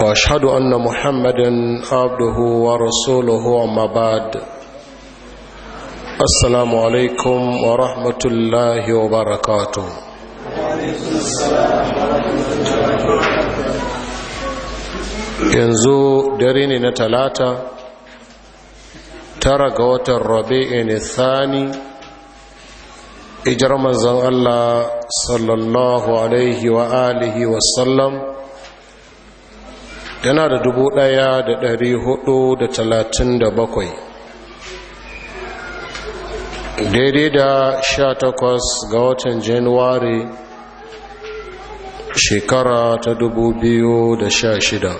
واشهد ان محمدا عبده ورسوله اما بعد السلام عليكم ورحمه الله وبركاته yanzu dare ne na talata tara ga watan rabi'in thani ijar manzon allah sallallahu alaihi wa alihi wasallam Yana da dubu ɗaya da ɗari hudu da talatin da bakwai daidai da sha takwas ga watan januwari shekara ta dubu biyu da sha shida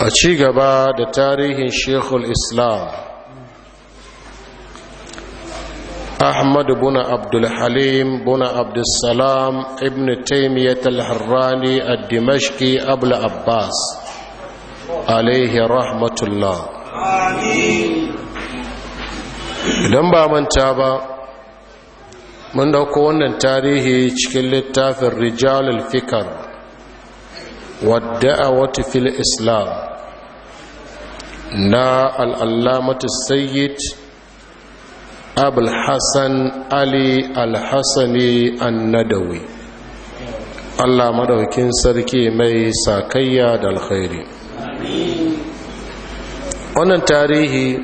a cigaba da tarihin shekul islam أحمد بن عبد الحليم بن عبد السلام ابن تيمية الحراني الدمشقي أبو العباس عليه رحمة الله آمين idan ba manta ba mun ɗauko wannan tarihi cikin littafin rijal al-fikr wadda'awati fil islam na al-allamatu sayyid abul hassan ali alhassani annadawi allah madaukin sarki mai sakayya da alkhairi wannan tarihi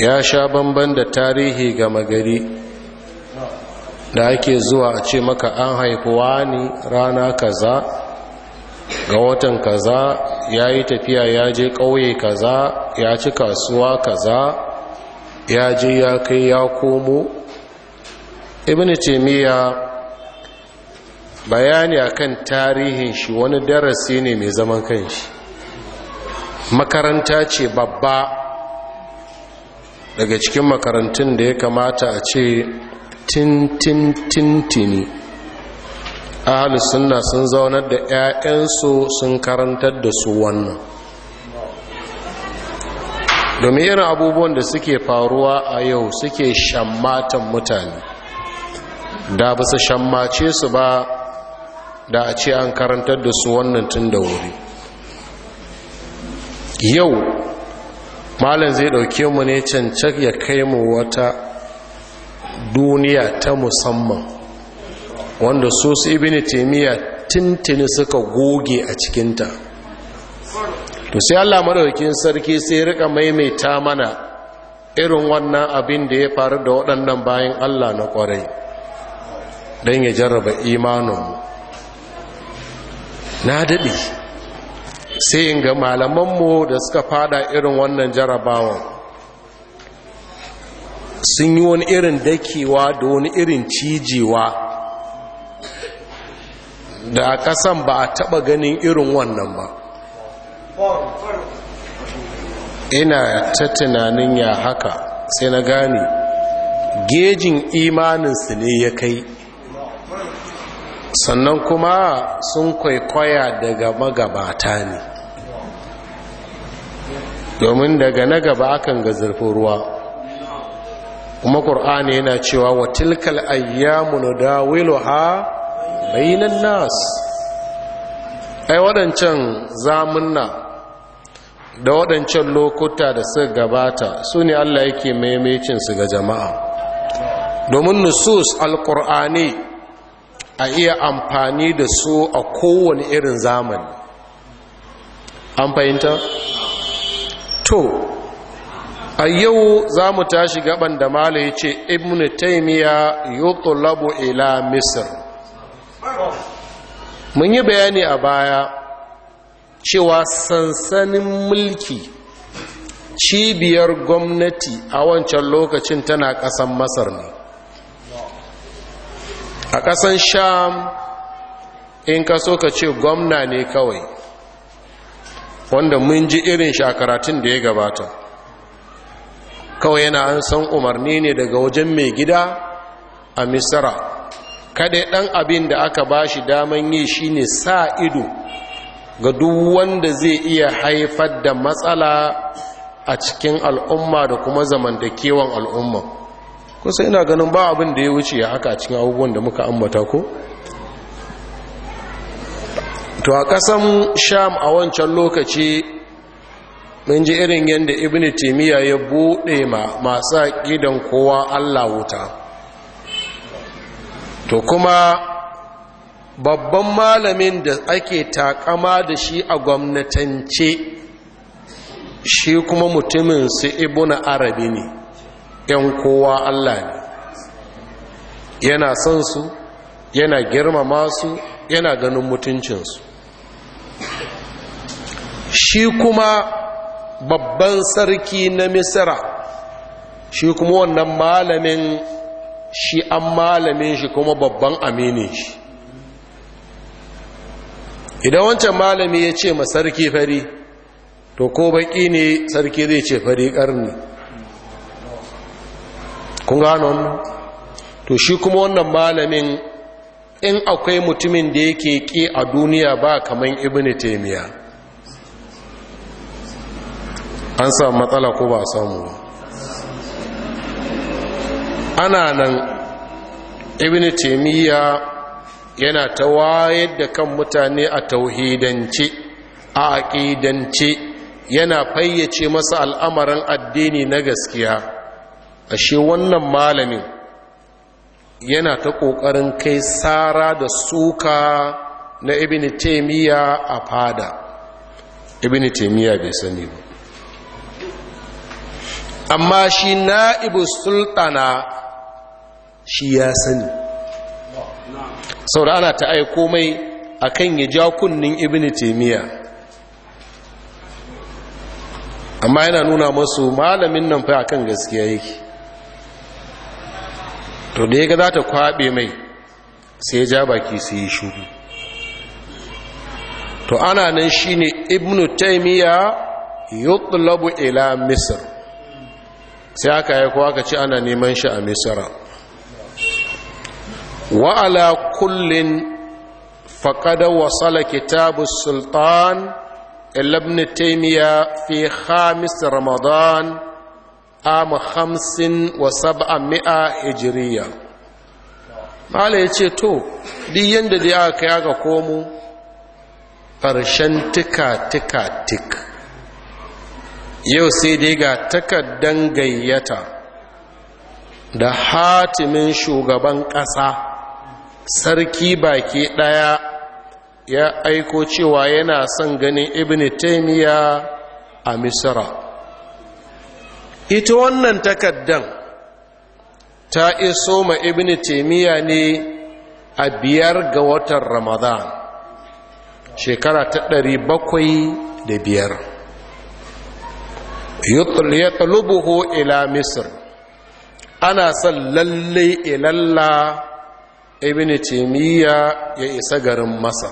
ya sha bamban da tarihi gama gari da ake zuwa a ce maka an haifuwa ni rana kaza ga watan kaza ya yi tafiya ya je ƙauye kaza ya ci kasuwa kaza ya je ya kai ya komo ibn taimiyya bayani akan tarihin shi wani darasi ne mai zaman kanshi makaranta ce babba daga cikin makarantun da ya kamata a ce tintintintini ahalus sunna sun zaunar da 'ya'yansu sun karantar da su wannan domin irin abubuwan da suke faruwa a yau suke shammatan mutane da ba su shammace su ba da a ce an karantar da su wannan tun da wuri yau malin zai dauke mu ne cancak ya kai mu wata duniya ta musamman wanda su su ibini temiya tintini suka goge a cikinta to sai Allah madaukin sarki sai rika maimaita mana irin wannan abin da ya faru da waɗannan bayan Allah na ƙwarai don ya jarraba imaninmu na daɗe sai in ga malamanmu da suka fada irin wannan jarrabawan sun yi wani irin dakewa da wani irin cijewa da a ƙasan ba a taɓa ganin irin wannan ba ina ta tunanin ya haka sai na gane gejin imaninsu ne ya kai sannan kuma sun kwaikwaya daga magabata ne domin daga na gaba akan ga zurfin ruwa kuma ƙur'ani yana cewa wa tilkal ayyamu ha bainan nas ai waɗancan zamunna da waɗancan lokuta da su gabata su ne Allah yake maimacinsu ga jama'a domin nusus alkur'ani a iya amfani da su a kowane irin zamani an fahimta? to a yau za mu tashi gaban da mala ya ce ibn taimiyya labo ila misir mun yi bayani a baya cewa sansanin mulki cibiyar gwamnati a wancan lokacin tana ƙasan masar ne a ƙasan sham in ka so ka ce gwamna ne kawai wanda mun ji irin shakaratun da ya gabata kawai yana an san umarni ne daga wajen mai gida a misira Kaɗai ɗan abin da aka bashi daman yi shine sa ido ga duk wanda zai iya haifar da matsala a cikin al'umma da kuma zamantakewan al'umma kusa ina ganin ba abin da ya wuce ya haka cikin abubuwan da muka ambata ko to a kasan sham a wancan lokaci mun ji irin yadda ibn timiya ya buɗe ma masu gidan kowa allah wuta to kuma babban malamin da ake takama da shi a gwamnatance shi kuma mutumin su ibuna arabi ne ‘yan kowa Allah ne yana son su yana girmama su yana ganin mutuncinsu shi kuma babban sarki na misira shi kuma wannan malamin shi an malamin shi kuma babban aminin shi idan wancan malami ya ce ma sarki fari to ko baki ne sarki zai ce fari karni kun gano to shi kuma wannan malamin in akwai mutumin da yake ƙi a duniya ba kaman ibini taimiya an samu matsala ko ba samu ba ana nan ibini taimiya yana ta wayar da kan mutane a tauhidance a aƙidance yana fayyace masa al'amarin addini na gaskiya ashe wannan malamin yana ta ƙoƙarin kai tsara da suka na ibn taimiyya a fada ibn taimiyya bai sani ba amma shi na'ibu sultana shi ya sani saboda ana ta aiko mai kan ya ja kunnin ibn taymiya amma yana nuna masu malamin nan a kan gaskiya yake to da ya ga za ta kwaɓe mai sai ya ja baki sai ya shuru to ana nan shi ne ibn taymiya yutlabu ila Misir, sai aka yi kowa ka ci ana neman shi a wa wa'ala kullin فقد وصل كتاب السلطان إلى ابن تيمية في خامس رمضان عام خمس وسبعمائة هجرية Mala ya ce, To, duk yadda da aka kai aka komo, ƙarshen tika-tika tik. Yau sai dai ga takardan gayyata da hatimin shugaban ƙasa. sarki baki ɗaya ya aiko cewa yana son ganin ibn taimiyya a misira ita wannan takaddan ta iso ma ibn taimiyya ne a biyar ga watan ramadan shekara ta ɗari bakwai da biyar ya talubuhu ila misir ana son lallai ilalla ibn taimiyya ya isa garin masa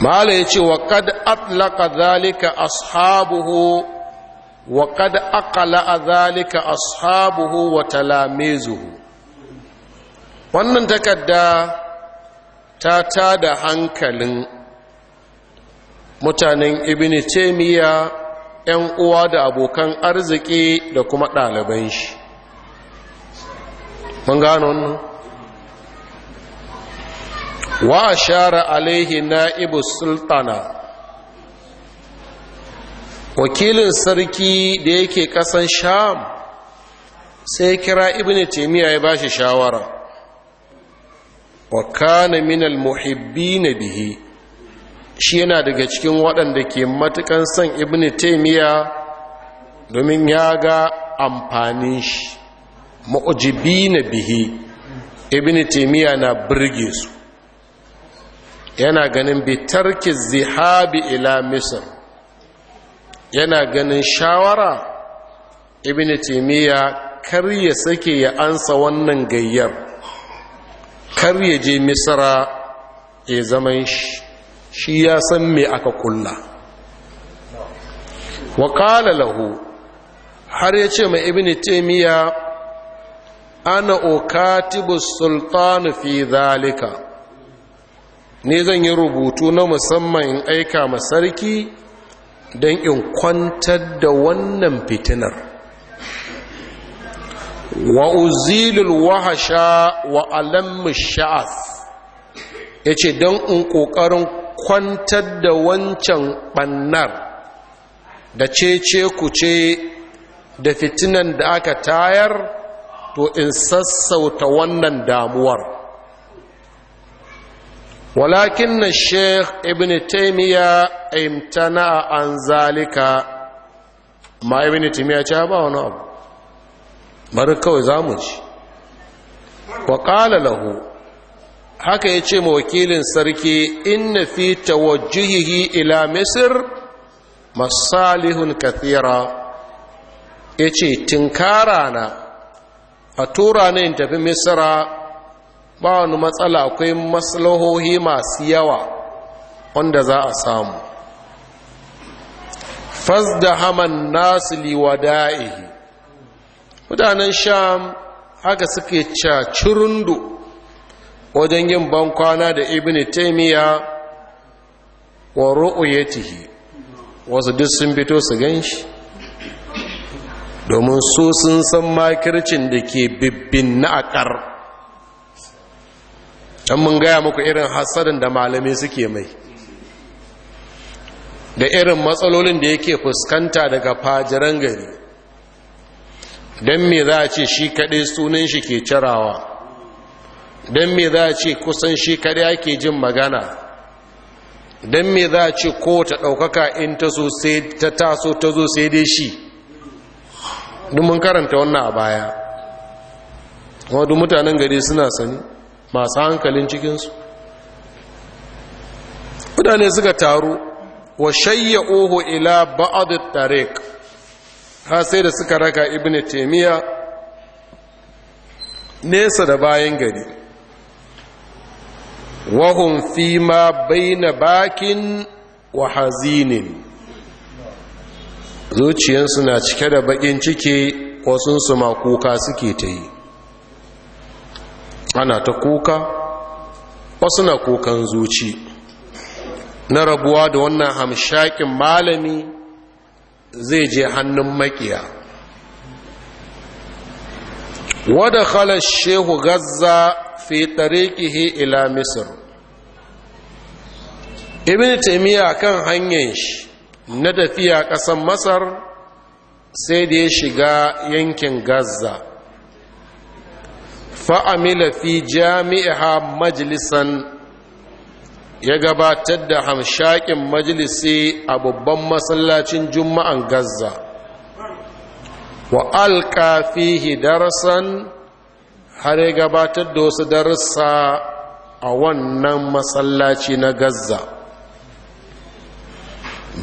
mala ya ce wa kad atlaka zalika ashabuhu wa kad a zalika ashabuhu wa wannan takarda ta ta da hankalin mutanen ibn taimiyya 'yan uwa da abokan arziki da kuma ɗaliban shi mun gano wannan wa ashara alaihi na'ibu sultana wakilin sarki da yake kasan sham sai kira ibn taymiya ya bashi shawara wa kana min almuhibbin bihi shi yana daga cikin waɗanda ke matukan son ibn taymiya domin ya ga amfanin shi na bihi ibn taymiya na birge su yana ganin bitarki zihabi ila Misir, yana ganin shawara ibn kar ya sake ya ansa wannan gayyar kar ya je Misira ya zaman shi shi ya san me aka kulla wa kala lahu har ya ce ma ibn taymiya ana okatibu sultanu fi zalika ne zan yi rubutu na musamman in aika ma sarki don in kwantar da wannan fitinar wa uzilul wahasha wa alammu sha'af ya ce don in ƙoƙarin kwantar da wancan ɓannar da cece ku ce da fitinan da aka tayar wato in sassauta wannan damuwar walakin na sheikh ibn taimiyya imtana an zalika ma ibn taimiyya ce ah, ba wani abu bari kawai zamuci wa kala lahu haka ya ce mawakilin sarki inna fi tawajjihihi ila misir masalihun kathira ya ce tinkara na a tura ne in tafi Misira, ba wani matsala akwai maslahohi masu yawa wanda za a samu Fas da haman nasu liwada'ihi mutanen sham haka suke cacirundu wajen yin bankwana da ibn taimiyya wa ru'uyatihi wasu duk sun fito su gan shi domin su sun san makircin da ke bibbin na akar can mun gaya muku irin hasarin da malami suke mai da irin matsalolin da yake fuskanta daga fajiran gari don me za a ce shi kaɗai sunan shi ke cirawa don me za a ce kusan shi kaɗai ake jin magana don me za a ce ta ɗaukaka in ta ta taso ta zo sai dai shi duk mun karanta wannan a baya wadu mutanen gari suna sani masu hankalin cikinsu mutane suka taru wa shayya oho ila ba'ad tariq ha sai da suka raka ibn taimiyya nesa da bayan gari wahun fi ma na bakin wa hazinin zuciyarsu na cike da bakin ciki su ma kuka suke ta yi ana ta kuka wasu na kukan zuci na rabuwa da wannan hamshakin malami zai je hannun makiya wadda khalar shehu gaza fi tarikihi ila misir ibn taimiyya kan hanyar shi na tafiya ƙasan masar sai da ya shiga yankin gaza fa'amila fi jami'a majalisan ya gabatar da hamshakin majalisi a babban masallacin juma'an gaza wa alka fihi darasan har ya gabatar da wasu darussa a wannan masallaci na gaza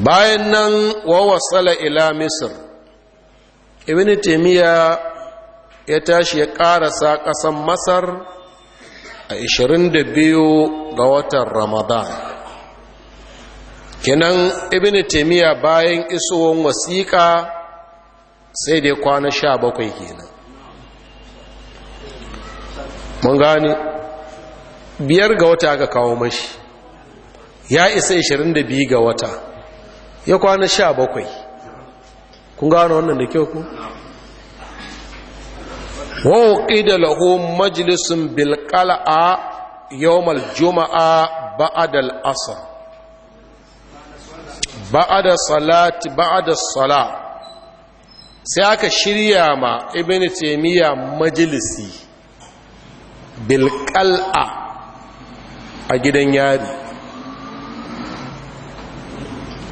bayan nan wawasala ila misir ibn taimiyya ya tashi ya ƙarasa ƙasan masar a 22 ga watan ramadan kinan ibn taimiyya bayan isowar wasiƙa sai dai kwana 17 kenan mun gane biyar ga wata aka kawo mashi ya isa 22 ga wata ya kwana sha bakwai kun gano wannan da kyau ku da lahu majalisun a yawmal juma'a ba'adal asar ba'ada salati ba'ada sala sai aka shirya ma ibn taymiya majalisi bilƙal'a a gidan yari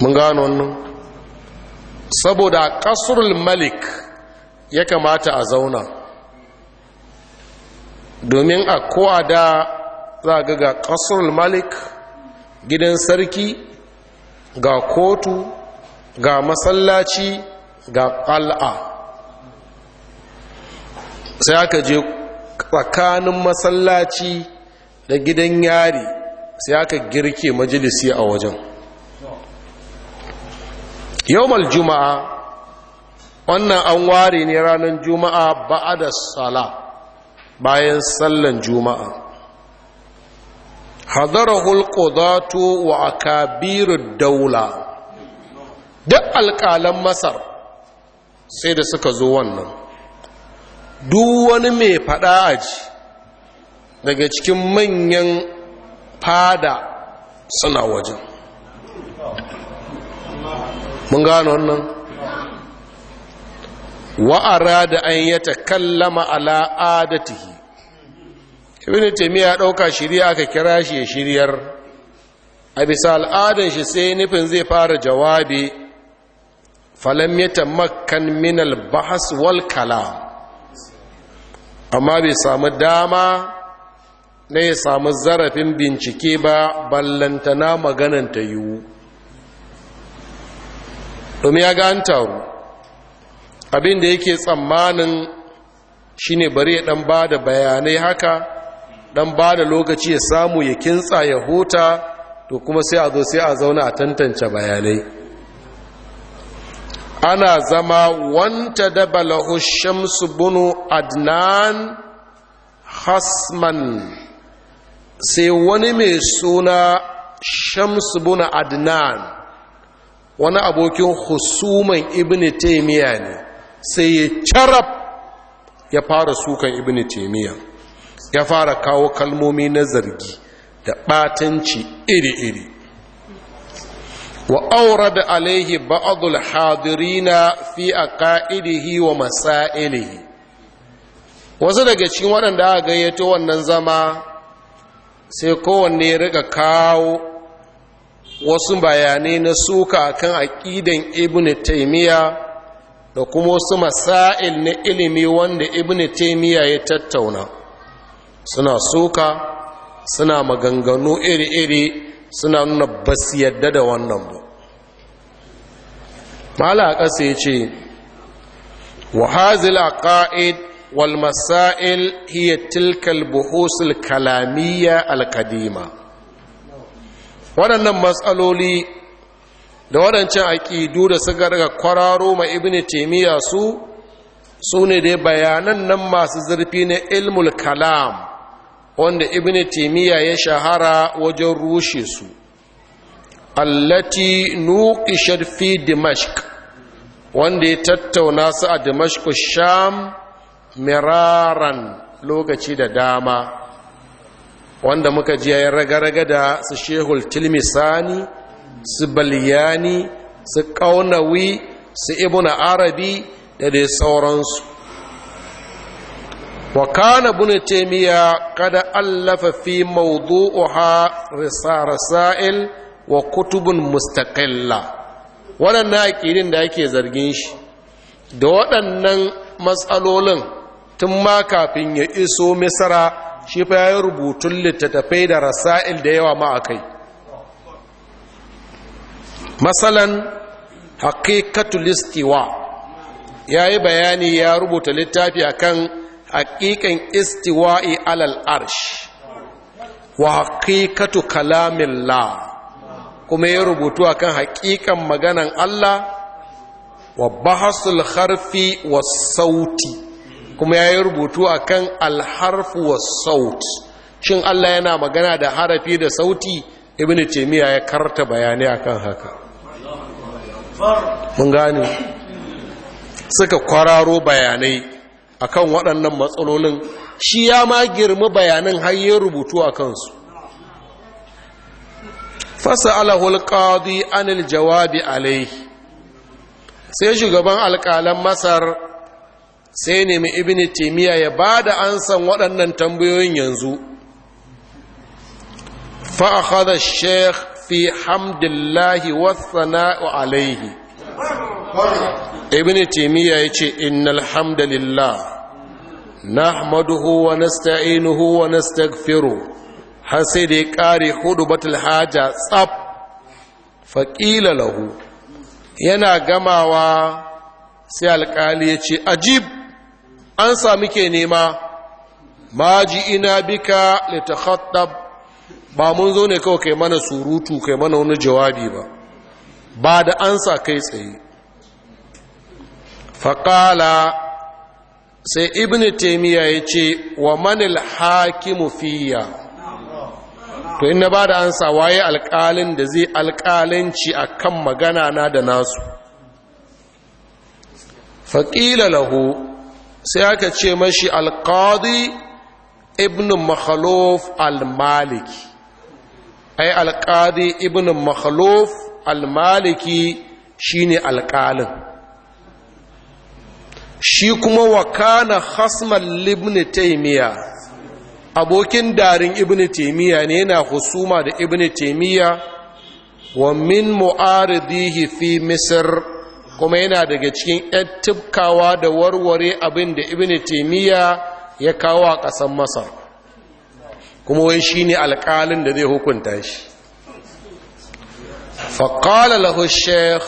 mun gano wannan saboda a malik ya kamata a zauna domin a kowa da za ga ga ƙasurul malik gidan sarki ga kotu ga masallaci ga ƙal'a sai aka je tsakanin masallaci da gidan yari sai aka girke majalisi a wajen yawmal juma'a wannan an ware ne ranar juma'a ba'a da sala bayan sallan juma'a za qudatu wa akabirud daula duk alƙalan masar sai da suka zo wannan duk wani mai faɗa aji daga cikin manyan fada suna wajen mun gano wannan wa'ara da an ya takallama ala adatihi ibn taymiya dauka shirya aka kira shi ya shiryar a bisa al'adan shi sai nufin zai fara jawabi falam yatamakkan min al-bahs wal kalam amma bai samu dama na ya samu zarafin bincike ba ballantana maganan ta yiwu domin ya ga an taru abin da yake tsammanin shine bari ya dan ba da bayanai haka dan ba da lokaci ya samu ya kintsa ya huta to kuma sai a zo sai a zauna a tantance bayanai ana zama wanta da balahushin shamsu bunu adnan hasman sai wani mai suna shamsu buna adnan wani abokin husuman ibn taimiyya ne sai ya carab ya fara sukan ibn taimiyya ya fara kawo kalmomi na zargi da batanci iri-iri wa aura da alaihi ba'adul hadirina fi a ka'idihi wa masailihi wasu daga cikin waɗanda aka gayyato wannan zama sai kowanne ya riga kawo wasu bayanai na suka kan aƙidan ibn taimiyya da kuma wasu masail na ilimi wanda ibn taimiyya ya tattauna suna suka suna maganganu iri-iri suna nuna basu yadda da wannan ba mala ƙasa ya ce wa hazil ƙa'id wal masail hiya tilkal buhusul kalamiyya al waɗannan matsaloli da waɗancan aƙidu da suka daga kwararo ma ibini taimiyya su su ne dai bayanan nan masu zurfi na ilmul kalam wanda ibini taimiyya ya shahara wajen rushe su allati nuqishat fi dimashq wanda ya tattauna su a dimashq sham miraran lokaci da dama wanda muka ji ya raga-raga da su shehul tilmisani su baliyani su ƙaunawi su Ibuna arabi da dai sauransu wa kana bune temiya kada allafa fi mawdu'uha rasail wa kutubun mustaqilla waɗannan aƙidin da ake zargin shi da waɗannan matsalolin tun ma kafin ya iso misra shi fa ya yi rubutun littattafai da rasail da yawa ma a kai masalan haqiqatul istiwa ya yi bayani ya rubuta littafi akan haƙiƙan istiwa'i alal arsh wa kalamin La kuma ya rubutu akan haƙiƙan maganan Allah wa bahasul harfi wa sauti kuma ya yi rubutu a kan alharfu wa saut shin Allah yana magana da harafi da sauti ibn taimiyya ya karta bayanai akan haka mun gane suka kwararo bayanai akan waɗannan matsalolin shi ya ma girma bayanan har ya rubutu a kansu fasa alahul qadi anil jawabi alaihi sai shugaban alƙalan masar sai nemi ibn taimiyya ya ba da ansan waɗannan tambayoyin yanzu fa'akhadha sheikh fi hamdillahi wasana'u alaihi ibn taimiyya ya ce innal hamdalillah nahmaduhu wa nasta'inuhu wa nastaghfiruh har sai da ya kare batul haja tsab faƙila lahu yana gamawa sai alƙali ya ce ajib an sami ke nema maji ina bika litakhattab ba mun zo ne kawai kai mana surutu kai mana wani jawabi ba ba da ansa kai tsaye faƙala sai ibn taimiyya ya ce wa manil hakimu fiya to ina ba da ansa waye alƙalin da zai alƙalanci a kan magana na da nasu faƙila lahu sai aka ce mashi alkadi ibn makhaluf al-maliki ai alkadi ibn makhaluf al-maliki shine alƙalin. shi kuma wakana khasman ibn taymiya abokin darin ibn taymiya ne yana husuma da ibn taymiya wa min mu'aridihi fi misr kuma yana daga cikin ‘yan tubkawa da warware abin da ibn taimiyya ya kawo a ƙasan masar kuma wai shi ne alƙalin da zai hukunta shi faƙala lahu sheikh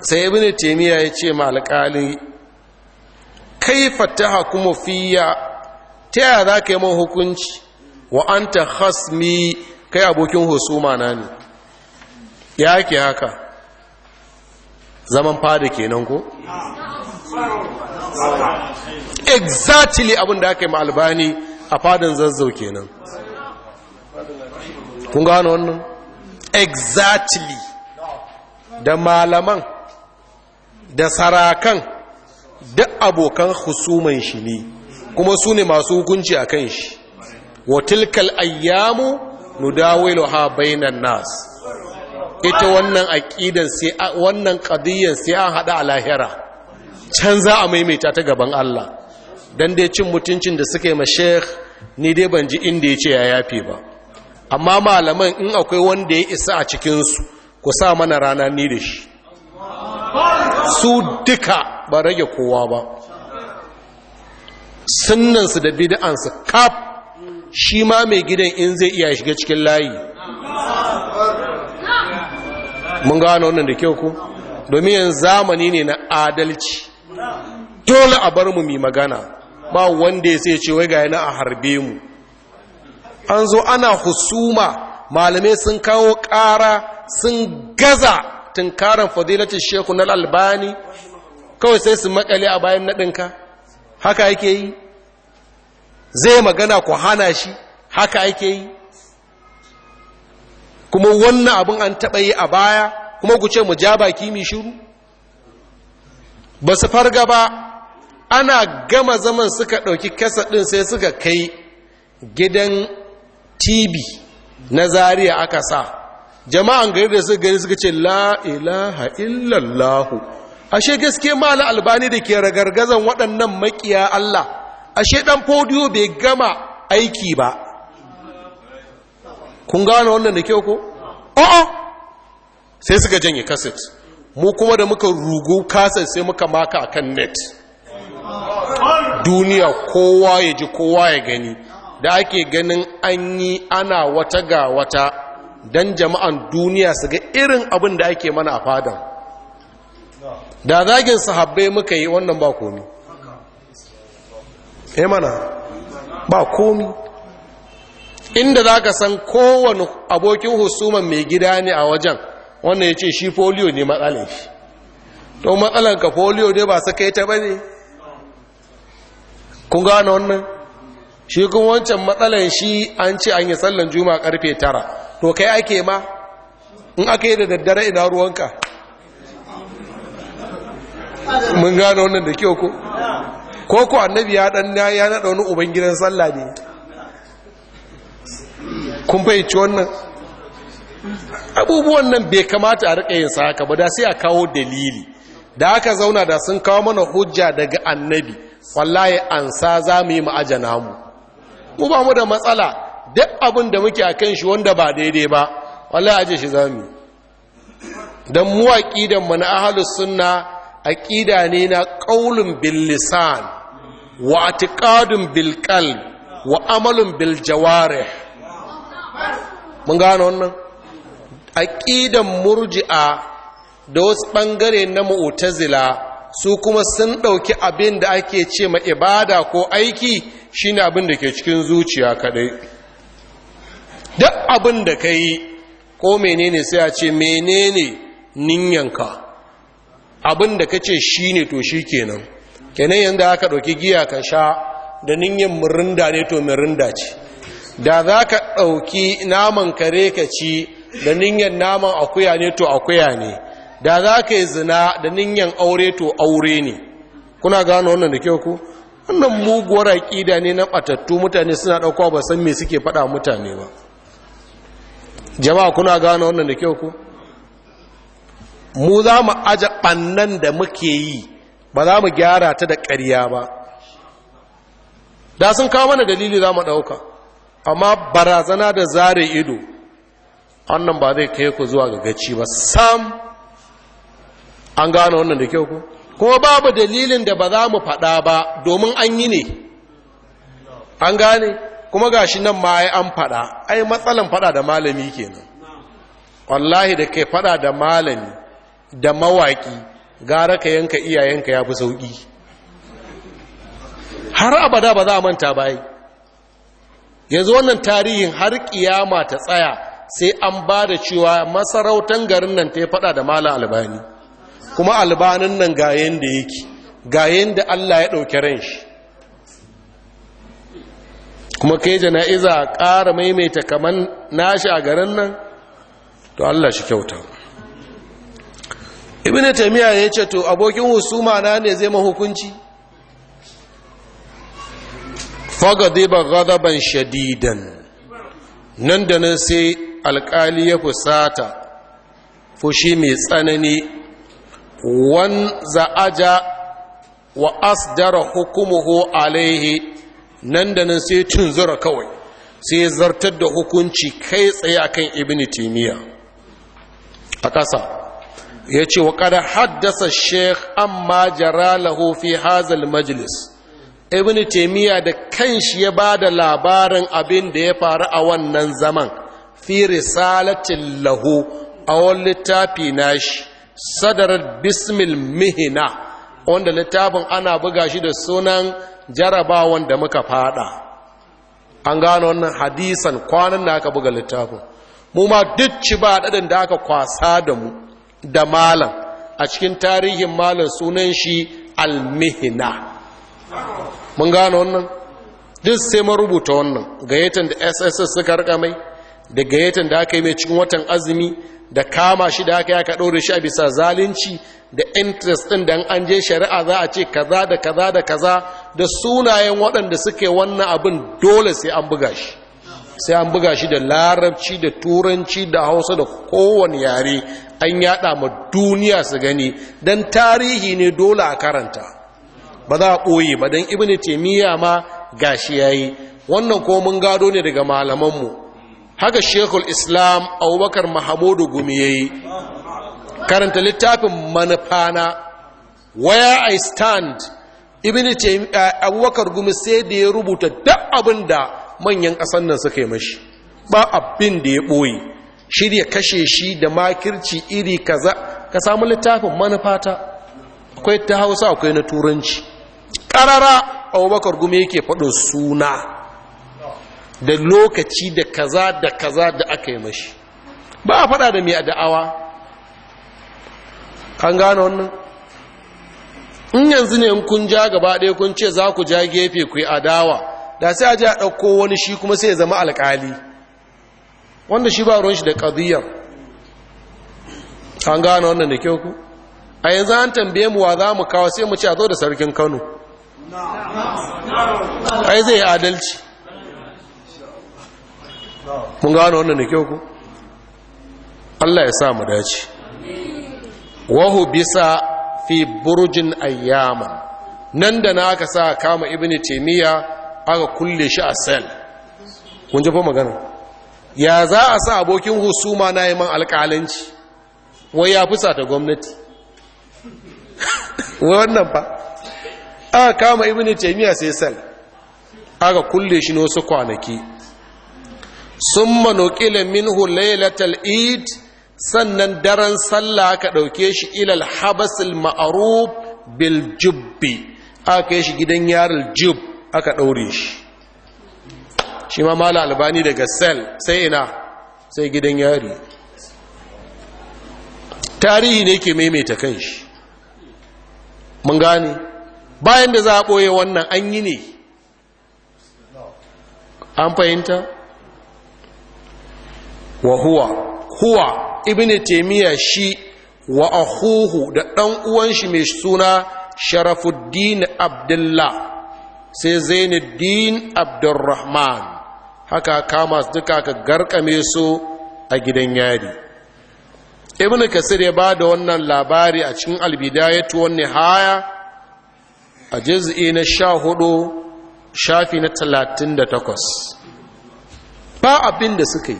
sai ibn taimiyya ya ce ma alƙali kaifa ta kuma fiya ta yaya za ka yi man hukunci wa an ta hasmi kai abokin husuma na ne ya ke haka zaman fada kenan ko exactly abin da aka yi ma'albani a fadin zazzau kenan kun gano wannan exactly da malaman da sarakan da abokan husuman shi ne kuma su ne masu hukunci a kan shi wa tilkal ayyamu ha bainan nas ita wannan aqidan sai wannan ƙadiyyar sai an haɗa a lahira can za a maimaita ta gaban Allah don dai cin mutuncin da suka yi ma sheikh ni dai ban ji inda ya ce ya yafe ba amma malaman in akwai wanda ya isa a cikinsu ku sa mana rana ni da shi su duka ba rage kowa ba sunnansu da bid'ansu kaf shi ma mai gidan in zai iya shiga cikin layi mun gano wannan da kyau ko domin yanzu zamani ne na adalci dole a bar mu mi magana ba wanda ya sai ce wai ga yana a harbe mu an zo ana husuma malamai sun kawo ƙara sun gaza tunkarar fadilatin sheku na albani kawai sai su makale a bayan naɗinka haka ake yi zai magana ku hana shi haka ake yi kuma wannan abin an taɓa yi a baya kuma ku ce mu ja baki mai shiru ba su farga ba ana gama zaman suka ɗauki kasa ɗin sai suka kai gidan tv na zariya aka sa jama'an gari da suka gani suka ce la illallahu ashe gaske mala albani da ke ragargazan waɗannan maƙiya Allah ashe ɗan fodiyo bai gama aiki ba kun gane wannan da kyau ko a'a sai suka janye kaset mu kuma da muka rugu kaset sai muka maka akan net duniya kowa ya ji kowa ya gani da ake ganin an yi ana wata ga wata don jama'an duniya su ga irin abin da ake mana a fadan da zagin sahabbai muka yi wannan ba komi eh ba komi inda za ka san kowane abokin husuman mai gida ne a wajen wannan ya ce shi foliyo ne matsalin shi to matsalan ka foliyo ne ba su kai ta ba ne kun gane wannan shi kun wancan matsalan shi an ce an yi sallan juma karfe tara to kai ake ma in aka yi da daddare ina ruwanka mun gane wannan da kyau ko ko ku annabi ya dan ya naɗa wani ubangidan sallah ne kun fahimci wannan abubuwan nan bai kamata a riƙa yin sa haka ba da sai a kawo dalili da aka zauna da sun kawo mana hujja daga annabi wallahi an sa za mu yi ma'ajana mu mu ba mu da matsala duk abin da muke a kan shi wanda ba daidai ba wallahi aje shi za mu don mu aƙidan mu na ahalus sunna aƙida ne na ƙaulun bil lisan wa atiqadun bil qalb wa amalun bil jawarih mun gano wannan aqidan murji'a da wasu ɓangare na mu'tazila su kuma sun ɗauki abin da ake ce ma ibada ko aiki shine abin da ke cikin zuciya kaɗai duk abin da ka yi ko menene sai a ce menene ninyanka abin da ka ce shi to shi kenan kenan yadda aka ɗauki giya ka sha da ninyan murinda ne to murinda ce da za ka ɗauki naman kare ka ci da ninyan naman akuya ne to akuya ne da za ka yi zina da ninyan aure to aure ne kuna gano wannan da kyau ku wannan muguwar aƙida ne na ɓatattu mutane suna ɗaukowa ba san me suke faɗa mutane ba jama'a kuna gano wannan da kyau ku mu za mu aje ɓannan da muke yi ba za mu gyara ta da ƙarya ba da sun kawo mana dalili za mu ɗauka amma barazana da zare ido wannan ba zai kai ku zuwa ga gaci ba sam an gane wannan da kyau ku kuma babu dalilin da ba za mu faɗa ba domin an yi ne an gane kuma gashi nan ma ai an faɗa ai matsalan faɗa da malami kenan wallahi da kai faɗa da malami da mawaƙi gara ka yanka iyayenka ya fi sauƙi har abada ba za a manta ai yanzu wannan tarihin har kiyama ta tsaya sai an ba da cewa masarautan garin nan ta yi fada da mala albani kuma albanin nan ga yadda yake ga yadda allah ya ɗauki ran shi kuma kai jana'iza a ƙara maimaita kaman nashi a garin nan to allah shi kyauta ibn taimiyya ya ce to abokin husuma na ne zai mahukunci fagadiba gadaban shadidan nan da nan sai alkali ya fusata fushi mai tsanani wan za'aja wa asdara hukumuhu alaihi nan da nan sai tunzura kawai sai zartar da hukunci kai tsaye akan ibn timiya a ƙasa ya ce wa ƙada haddasa sheikh amma jara lahu hazal majlis ibn taimiyya da kanshi ya ba da labarin abin da ya faru a wannan zaman fi risalatin lahu a wani littafi nashi sadarar bismil mihina wanda littafin ana buga shi da sunan jarabawan da muka fada an gano wannan hadisan kwanan da aka buga littafin mu ma duk ci ba ɗaɗin da aka kwasa da mu da malam a cikin tarihin malam sunan shi al almihina mun gano wannan duk sai marubuta wannan gayyatan da sss suka rika mai da gayyatan da aka yi mai cikin watan azumi da kama shi da aka yi aka ɗore shi a bisa zalunci da interest ɗin da an je shari'a za a ce kaza da kaza da kaza da sunayen waɗanda suke wannan abin dole sai an buga shi sai an buga shi da larabci da turanci da hausa da kowane yare an yada ma duniya su gani don tarihi ne dole a karanta ba za a ɓoye ba don ibini taimiyya ma gashi ya yi wannan ko mun gado ne daga malamanmu haka shekul islam abubakar mahamudu gumi ya yi karanta littafin manufana where i stand ibini abubakar gumi sai da ya rubuta duk abin da manyan ƙasan nan suka yi mashi ba abin da ya ɓoye shirya kashe shi da makirci iri kaza ka samu littafin manufata akwai ta hausa akwai na turanci ƙarara abubakar gume yake faɗin suna da lokaci da kaza da kaza da aka yi mashi ba a faɗa da mai a da'awa an gano wannan in yanzu ne kun ja gaba ɗaya kun ce za ku ja gefe ku yi adawa da sai a ji a ɗauko wani shi kuma sai ya zama alƙali wanda shi ba ruwan shi da ƙadiyar an gano wannan da kyau ku a yanzu an tambaye mu wa za mu kawo sai mu ce a zo da sarkin kano ai zai adalci mun gano wannan da kyau ku Allah ya sa mu dace wahu bisa fi burjin ayyama nan da na aka sa kama Ibn taymiya aka kulle shi a sel kun ji fa magana ya za a sa abokin husuma na yi man alƙalanci wai ya fusa ta gwamnati wai wannan ba aka kama ne taimiyya sai sal aka kulle shi na wasu kwanaki Sun manokilin minhu laylatal eid sannan daren sallah aka ɗauke shi ilal habasil maarub bil jubbi aka kai shi gidan yaril jub aka ɗaure shi shi ma mala albani daga sel sai ina sai gidan yari tarihi ne ke maimaita kan shi. mun gane bayan da za a ɓoye wannan an yi ne an fahimta wa huwa huwa ibn taimiyya shi wa ahuhu da ɗan uwan mai suna sharafuddin abdullah sai zainuddin abdurrahman haka kama su duka ka garkame su a gidan yari ibn kasir ya ba da wannan labari a cikin albidayatu wani haya a jiz'i na sha hudu shafi na talatin da takwas ba abin da suka yi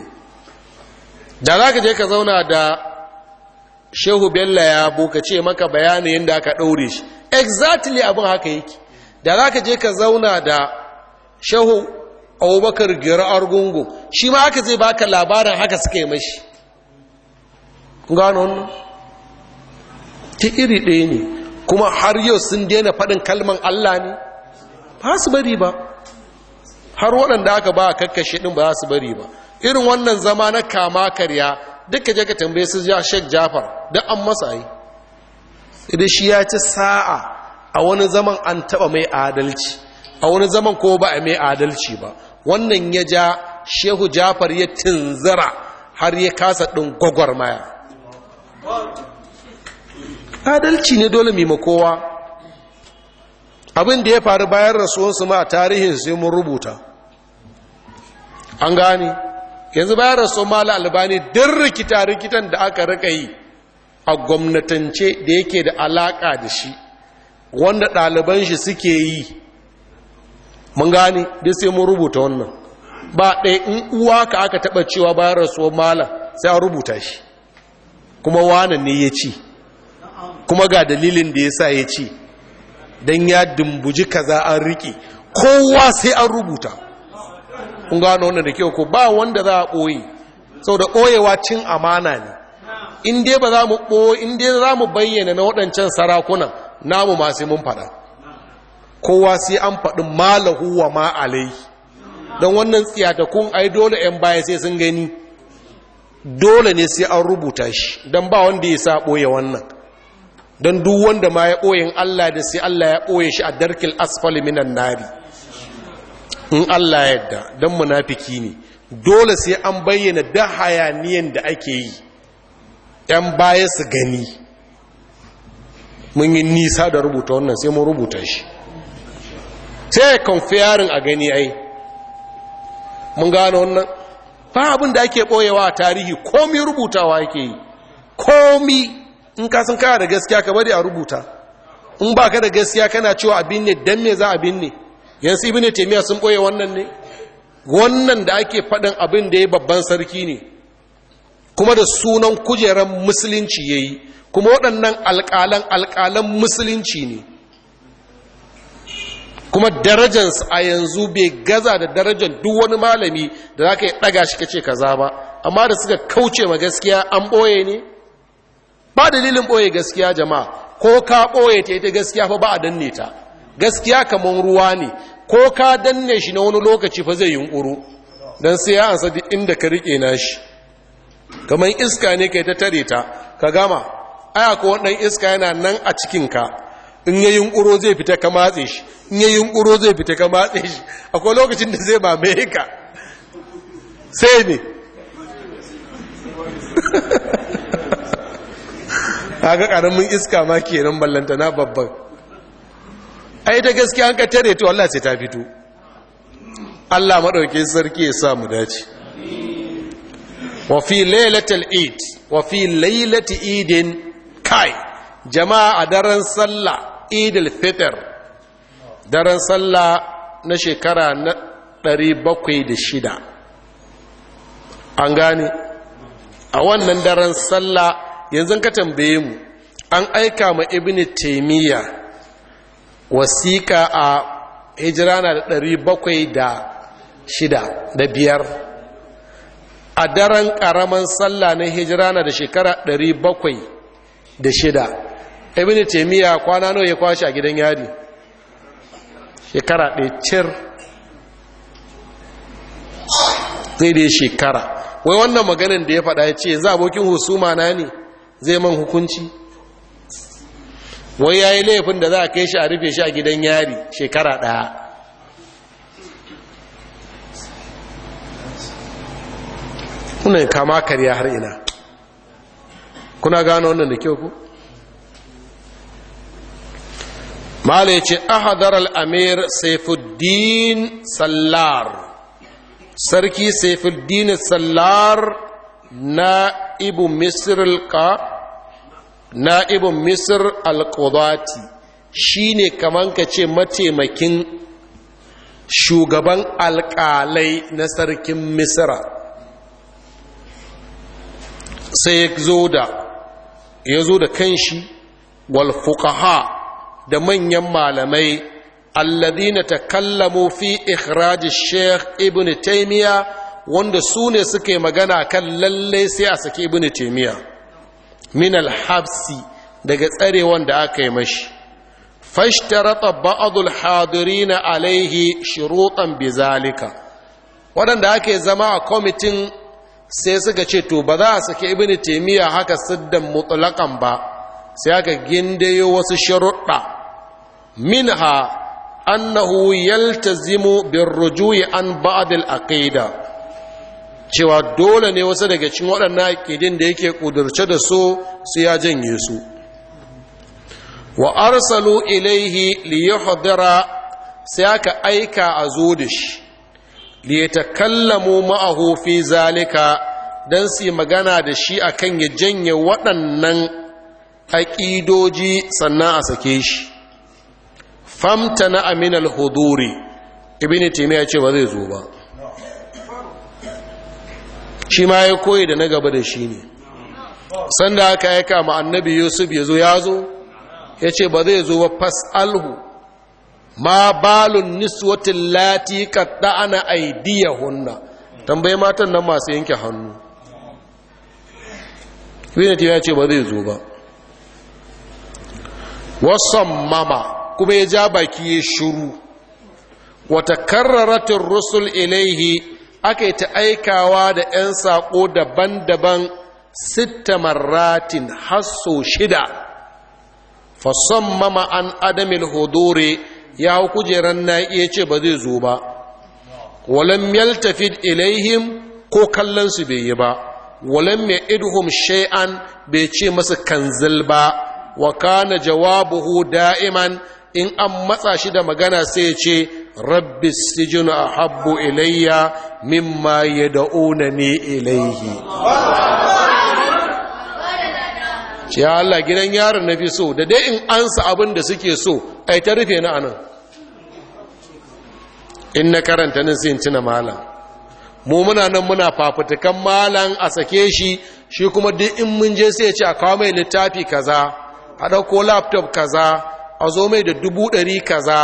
da za ka je ka zauna da shehu bella ya buka ce maka bayanin yadda aka ɗaure shi exactly abin haka yake da za ka je ka zauna da shehu abubakar gira argungu shi ma aka zai baka labarin haka suka yi mashi gano wannan ta iri ɗaya ne kuma har yau sun daina faɗin kalman Allah ne ba su bari ba har waɗanda aka ba a kakkashe ɗin ba su bari ba irin wannan zama na kama karya duka je tambaye su ja Sheikh Jafar duk an masa yi idan shi ya ci sa'a a wani zaman an taba mai adalci a wani zaman ko ba a mai adalci ba wannan ya ja Shehu Jafar ya tunzara har ya kasa ɗin gwagwarmaya adalci ne dole mima kowa abin da ya faru bayan rasuwansu ma a tarihin sai mun rubuta an gane yanzu bayan rasuwan mala albani don rikita rikitan da aka rika yi a gwamnatance da yake da alaka da shi wanda ɗaliban shi suke yi mun gane duk sai mun rubuta wannan ba ɗaya in uwa ka aka taɓa cewa bayan rasuwan mala sai an rubuta shi kuma wane ne ya ci kuma ga dalilin da ya sa ya ce don ya dumbuji kaza an riƙe kowa sai an rubuta kun gano wannan da kyau ko ba wanda za a ɓoye sau da ɓoyewa cin amana ne in dai ba za mu ɓoye in dai za mu bayyana na waɗancan sarakunan namu masu mun faɗa kowa sai an faɗi malahu wa ma'alai don wannan tsiyatakun ai dole 'yan baya sai sun gani dole ne sai an rubuta shi don ba wanda ya sa ɓoye wannan don duk wanda ma ya ɓoyin Allah da sai Allah ya ɓoye shi a darkil asfali minan nari in Allah yadda don munafiki ne dole sai an bayyana da hayaniyan da ake yi ‘yan baya su gani mun yi nisa da rubuta wannan sai mun rubuta shi sai ya kamfiyarin a gani ai mun gano wannan fa abin da ake ɓoyewa a tarihi komi rubutawa ake yi komi in ka san kana da gaskiya ka bari a rubuta in ba ka da gaskiya kana cewa abin ne dan me za abin ne yansu ne taymiya sun ɓoye wannan ne wannan da ake faɗin abin da ya babban sarki ne kuma da sunan kujerar musulunci ya yi kuma waɗannan alƙalan alƙalan musulunci ne kuma darajansu a yanzu bai gaza da darajar duk wani malami da za ka yi ɗaga shi ka ce kaza ba amma da suka kauce ma gaskiya an ɓoye ne ba dalilin ɓoye gaskiya jama'a ko ka ɓoye ta ita gaskiya fa ba a danne ta gaskiya kamar ruwa ne ko ka danne shi na wani lokaci fa zai yunkuru don sai ya ansa duk inda ka riƙe na shi kamar iska ne kai ta tare ta ka gama aya ko wannan iska yana nan a cikinka in ya yunkuru zai fita ka matse shi in ya yunkuru zai fita ka matse shi akwai lokacin da zai mamaye ka sai ne haka karamin iska ma kenan ballanta na babban ai da gaskiya an ka tare to Allah sai ta fito Allah madauke sarki ya sa mu dace wa fi lailatul eid wa fi lailati eidin kai jama'a a daren sallah al fitr daren sallah na shekara na 706 an gane a wannan daren sallah yanzu ka tambaye mu an aika ma ibn taymiya wasiƙa a hijira na da 700 bakwai da shida da biyar a daren ƙaraman sallah na hijira na da shekara 700 bakwai da shida ibn taymiya kwana nawa ya kwashe a gidan yari shekara ɗaya cir zai dai shekara wai wannan maganin da ya faɗa ya ce za abokin husuma na ne zai man hukunci wai ya yi laifin da za a kai shi a rufe shi a gidan yari shekara ɗaya kuna kama karya har ina kuna gano wannan da kyau ku mala ya ce ahadar al'amir saifuddin sallar sarki saifuddin sallar na ibu misirka na'ibin misir al shi shine kaman ka ce mataimakin shugaban alƙalai na sarkin misira sai ya zo da ya zo da kanshi walfukaha da manyan malamai alladina takallamu fi ikhraj sheikh ibn taimiyya wanda su ne suke magana kan lallai sai a saki ibn taimiyya min alhabsi daga tsarewan da aka yi mashi fashtarata ba'adul hadirina alaihi shurutan bizalika waɗanda ake zama a kwamitin sai suka ce to ba za a sake ibini taimiyya haka siddan mutulakan ba sai aka gindayo wasu sharuɗa minha annahu yaltazimu rujuyi an ba'adul aqida cewa dole ne wasu daga cikin waɗannan aƙidin da yake ƙudurce da su su ya janye su wa arsalu ilaihi liyuhdira sai aka aika a zo da shi liyatakallamu ma'ahu fi zalika dan su magana da shi akan ya janye waɗannan aƙidoji sannan a sake shi famtana aminal huduri ibn taymiya ce ba zai zo ba shi ma ya koyi da na gaba da shi ne sanda aka yi kama annabi yusuf ya zo ya zo ya ce ba zai zo ba fas'alhu ma balun niswatin lati aidiya hunna tambaye matan nan masu yanke hannu Binati ya ce ba zai zo ba wasan mama kuma ya ja baki ya shuru wata karraratin rusul ilaihi aka ta aikawa da 'yan saƙo daban-daban sitta maratin hasso shida fason mama an adamil hodore ya hau kujerar na iya ce ba zai zo ba walam yaltafid ilaihim ko kallonsu bai yi ba walam mai idhum shay'an bai ce masu kanzil ba wa kana jawabuhu da'iman in an matsa shi da magana sai ya ce rabbi sijinu a habbu ilayya mimma ya da'una ne ilayhi ce Allah gidan yaron na fi so da dai in ansa abin da suke so ai ta rufe na anan in na karanta nan sai cina malam mu muna nan muna fafutukan malam a sake shi shi kuma duk in mun je sai ya ce a kawo mai littafi kaza a ɗauko laptop kaza a zo mai da dubu ɗari kaza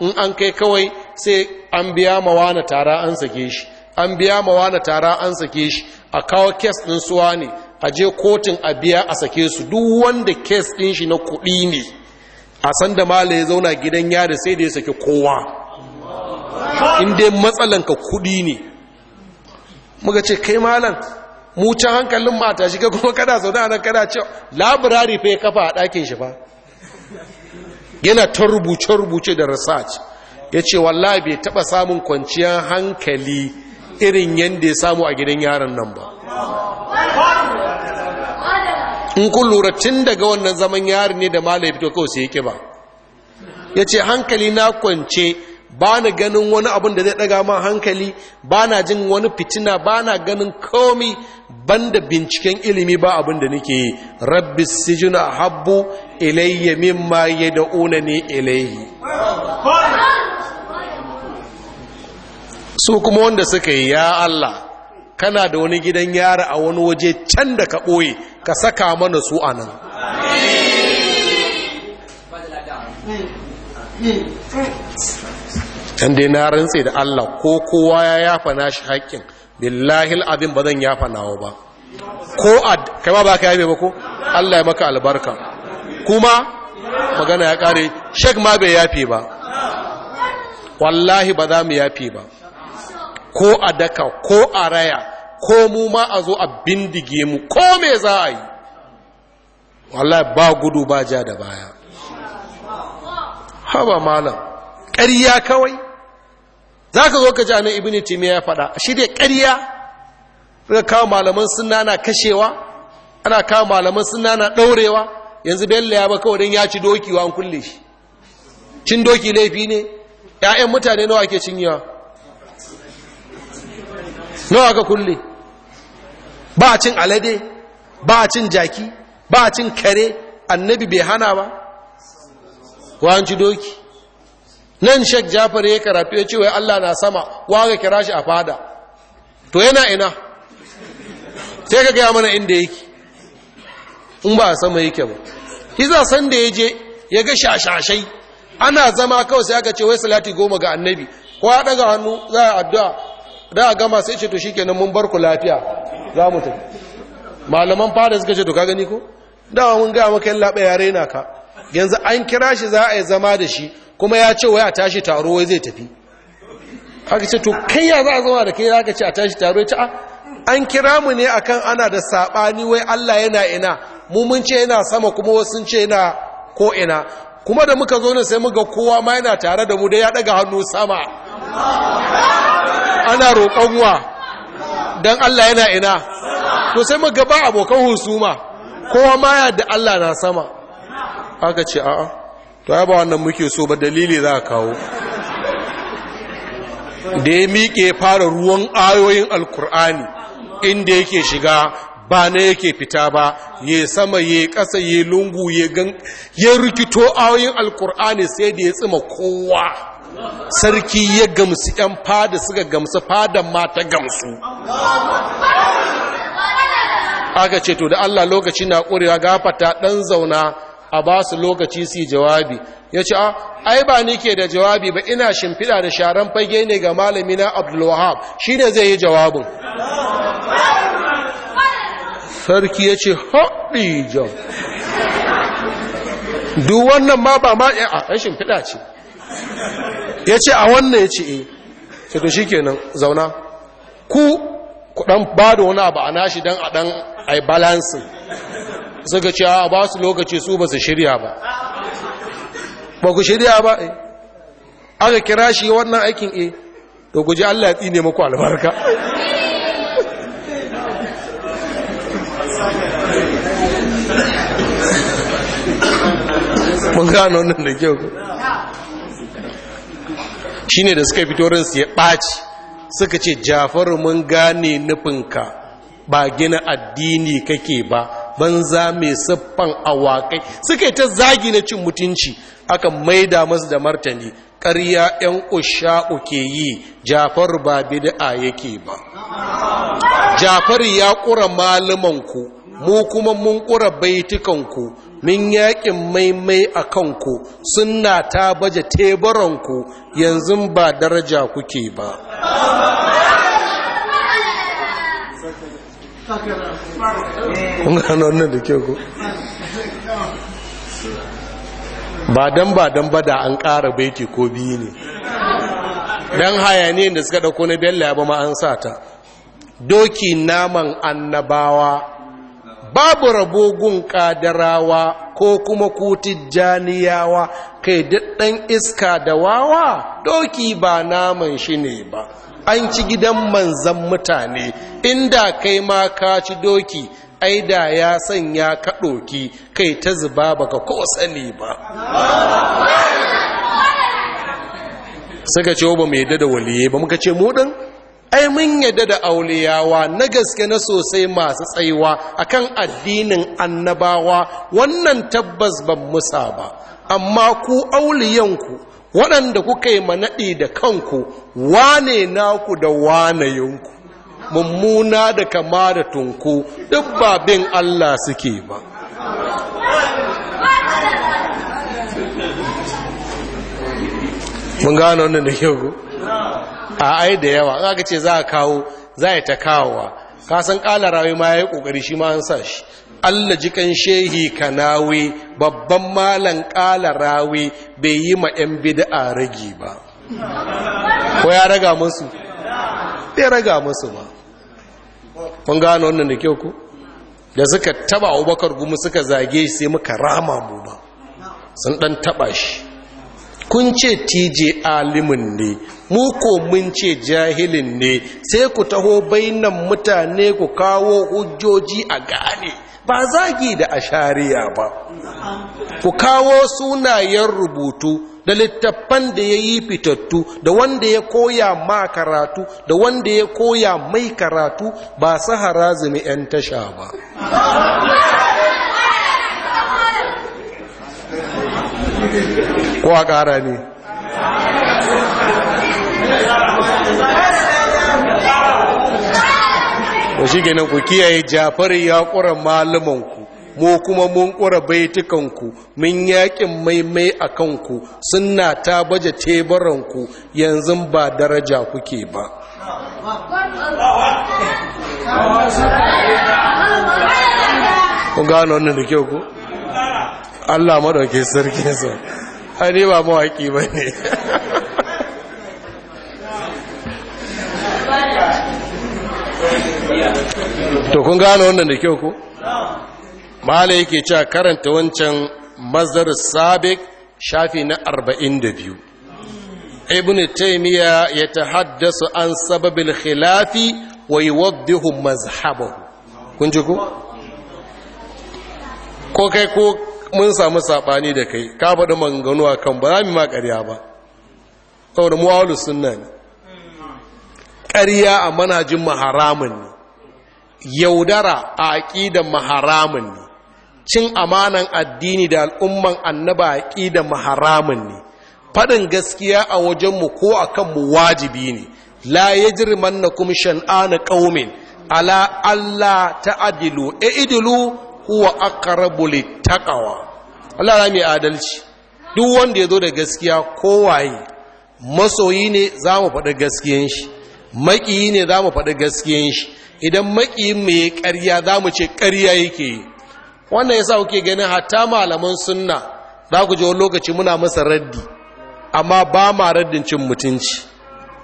in an kai kawai sai an biya mawa tara an sake shi an biya mawa na tara an sake shi a kawo kes din suwa ne a je kotun a biya a sake su duk wanda kes din shi na kuɗi ne a san da mala ya zauna gidan yari sai da ya sake kowa in dai matsalanka kuɗi ne muka ce kai malam mu can hankalin mata shiga kuma kada sau a nan kada ce labirari fai kafa a ɗakin shi ba yana ta rubuce-rubuce da research ya ce wallahi bai taɓa samun kwanciyar hankali irin yadda ya samu a gidan yaron nan ba in kun lura tun daga wannan zaman yari ne da mala fito kawai sai ya ba ya ce hankali na kwance ba na ganin wani abin da zai ɗaga ma hankali ba na jin wani fitina ba na ganin komi banda binciken ilimi ba abin da nake yi rabbi sijina habbu ilayya mimma yad'una ni ilayhi su kuma wanda suka yi ya Allah kana da wani gidan yara a wani waje can da ka ɓoye ka saka mana su a nan dan dai na rantse da Allah ko kowa ya yafa nashi haƙƙin billahi al'abin ba zan yafa nawa ba ko ad kai ma ba ka yabe ba ko Allah ya maka albarka kuma magana ya kare shek ma bai yafe ba wallahi ba za mu yafe ba ko a daka ko a raya ko mu ma a zo a bindige mu ko me za a yi wallahi ba gudu ba ja da baya haba malam ƙarya kawai za ka zo ka ji anan ibini timi ya faɗa shi dai ƙarya suka kawo malaman suna na kashewa ana kawo malaman suna na ɗaurewa yanzu bello ya ba kawai don ya ci doki wa an kulle shi cin doki laifi ne ‘ya'yan mutane nawa ke cinyewa nawa ka kulle ba a cin alade ba a cin jaki ba a cin kare annabi bai hana ba wa an ci doki nan shek jafar ya karatu ya ce wai Allah na sama waga kira shi a fada to yana ina sai ka gaya mana inda yake in ba a sama yake ba hiza san da ya je ya ga shashashai ana zama kawai sai aka ce wai salati goma ga annabi ko ya daga hannu za a addu'a da a gama sai ce to shikenan mun bar lafiya za mu tafi malaman fada suka ce to ka gani ko dawa mun ga maka yalla ba yare na ka yanzu an kira shi za a yi zama da shi kuma ya ce waya tashi taro wai zai tafi haka ce to kai ya za a zama da kai ya ka ce a tashi taro ya ce ah, an kira mu ne akan ana da saɓani wai Allah yana ina mu mun ce yana sama kuma wasu sun ce yana ko ina kuma da muka zo ne sai muga kowa ma yana tare da mu da ya daga hannu sama ana roƙon wa don Allah yana ina to sai muga ba abokan husuma kowa ma ya da Allah na sama Haka ce a'a to ya ba wannan muke so ba dalili za a kawo da ya miƙe fara ruwan ayoyin alkur'ani inda yake shiga ba na yake fita ba ya sama ya ƙasa ya lungu ya rikito ayoyin alkur'ani sai da ya tsima kowa sarki ya gamsu 'yan fada suka gamsu fadan mata gamsu aka ce to da allah lokaci na ƙurewa gafata ɗan zauna a ba su lokaci su jawabi ya ce a ah, ai ba ni ke da jawabi ba ina shimfiɗa da sharan fage ne ga malami na shi ne zai yi jawabin sarki ya ce haɗi jam duk wannan ma ba ma eh, a ɗan shimfiɗa ce ya ce a wannan ya ce e sai to shi kenan zauna ku ku ɗan ba da wani abu a nashi don a ɗan a balansin suka ce a ba su lokaci su ba su shirya ba ba ku shirya ba eh aka kira shi wannan aikin eh to guji Allah ya tsine muku albarka mun gano wannan da kyau shi ne da suka fito rinsu ya ɓaci suka ce jafar mun gane nufinka ba gina addini kake ba banza mai siffan awakai suka ta zagi na cin mutunci aka maida masu da martani ƙarya 'yan usha'u ke yi jafar ba bid'a yake ba Jafar ya ƙura malamanku mu kuma mun ƙura baitukanku min yaƙin maimai a kanku suna ta baje teburanku yanzu ba daraja kuke ba kun wannan da ba dan ba dan ba da an ƙara baiti ko biyu ne haya ne da suka ɗauko na bello ya ba ma an sa ta doki naman annabawa babu rabogun gun ƙadarawa ko kuma kutijjaniyawa kai ɗan iska da wawa doki ba naman shi ne ba an ci gidan manzan mutane inda kai ma ka ci doki ai da ya sanya ka kai ta zuba baka ko sani ba suka ce oh, ba mai dada waliye ba muka ce mudin ai mun yadda da auliyawa na gaske na sosai masu tsayuwa akan addinin annabawa wannan tabbas ban musa ba amma ku auliyanku waɗanda kuka yi manaɗi da kanku wane naku da wanayinku mummuna da kama da tunku duk ba bin Allah suke ba mun gano wannan da kyau a ai da yawa za ka ce za a kawo za a ta kawowa kasan ƙala rayu ma ya yi ƙoƙari shi ma an sa shi Allah jikan shehi kanawe babban malan ƙala rawe bai yi ma 'yan bid'a ragi ba ko ya raga musu Ya raga musu ba kun gano wannan da kyau ku da suka taba abubakar gumu suka zage shi sai muka rama mu ba sun ɗan taba shi kun ce tj alimin ne mu ko mun ce jahilin ne sai ku taho bainan mutane ku kawo hujjoji a gane ba zagi da ashariya ba ku kawo sunayen rubutu da littattafan da ya yi fitattu da wanda ya koya ma karatu da wanda ya koya mai karatu ba su harazumi 'yan tasha ba kwa a ƙara ne da shi kenan ku kiyaye jafar ya ƙura malamanku mu kuma mun ƙura baitukanku mun yaƙin maimai a kanku suna ta baje tebaranku yanzu ba daraja kuke ba kun gano wannan da kyau ku Allah maɗauke sarkinsa ai ne ba mawaƙi ba ne to kun gane wannan da kyau ko mala yake cewa karanta wancan mazar sabik shafi na 42 ibn taymiya ya tahaddasu an sababil khilafi wa yuwaddihu mazhabahu kun ji ko ko kai ko mun samu sabani da kai ka faɗi manganu kan ba za mu ma ƙarya ba saboda mu sunna ne ƙarya a manajin mu haramun ne yaudara a aƙidan maharamin ne cin amanan addini da al'umman annaba a aƙidan maharamin ne faɗin gaskiya a wajenmu ko a kanmu wajibi ne la ya jirman na kuma shan'ana ƙaumin ala Allah ta adilu e idilu kuwa akarabu littakawa Allah na mai adalci duk wanda ya zo da gaskiya kowaye masoyi ne za mu faɗi gaskiyan shi maƙiyi ne za mu faɗi gaskiyan shi idan maƙiyin mai ƙarya za mu ce ƙarya yake yi wannan ya sa kuke ganin hatta malaman sunna za ku ji wani lokaci muna masa raddi amma ba ma raddin cin mutunci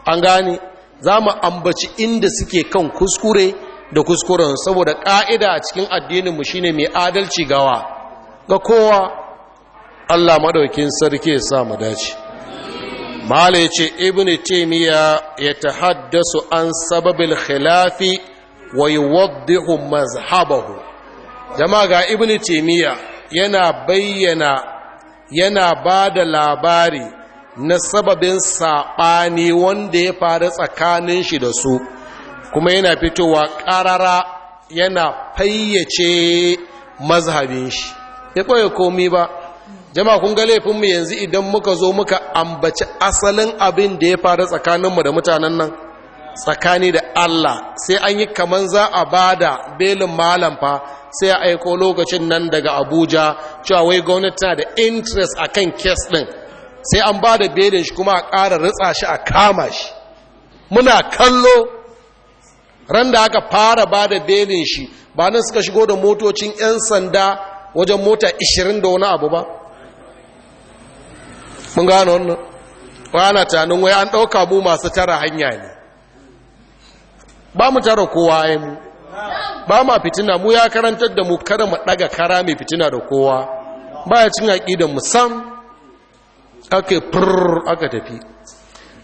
an gane za mu ambaci inda suke kan kuskure da kuskuren saboda ƙa'ida a cikin addininmu shine mai adalci gawa ga kowa allah maɗaukin sarki ya sa mu dace mala ce ibn Taymiya ya haddasa an sababil khilafi wa yuwaddihu mazhabahu jama'a ga ibn Taymiya yana bayyana yana ba da labari na sababin saɓani wanda ya faru tsakanin shi da su kuma yana fitowa ƙarara yana fayyace mazhabin shi ya ɓoye komi ba jama kun ga laifinmu yanzu idan muka zo muka ambaci asalin abin da ya faru tsakaninmu da mutanen nan tsakani da Allah sai an yi kaman za a bada belin malam fa sai a aiko lokacin nan daga Abuja cewa wai gwamnati tana da interest a kan kes ɗin. sai an bada belin shi kuma a ƙara ritsa shi a kama shi muna kallo ran da aka fara ba da belin shi ba nan suka shigo da motocin 'yan sanda wajen mota 20 da wani abu ba mun gano wannan wana tanin wai an ɗauka mu masu tara hanya ne ba mu tara kowa ya mu ba ma fitina mu ya karantar da mu kada mu ɗaga kara mai fitina da kowa ba ya cin haƙi da musam aka furr aka tafi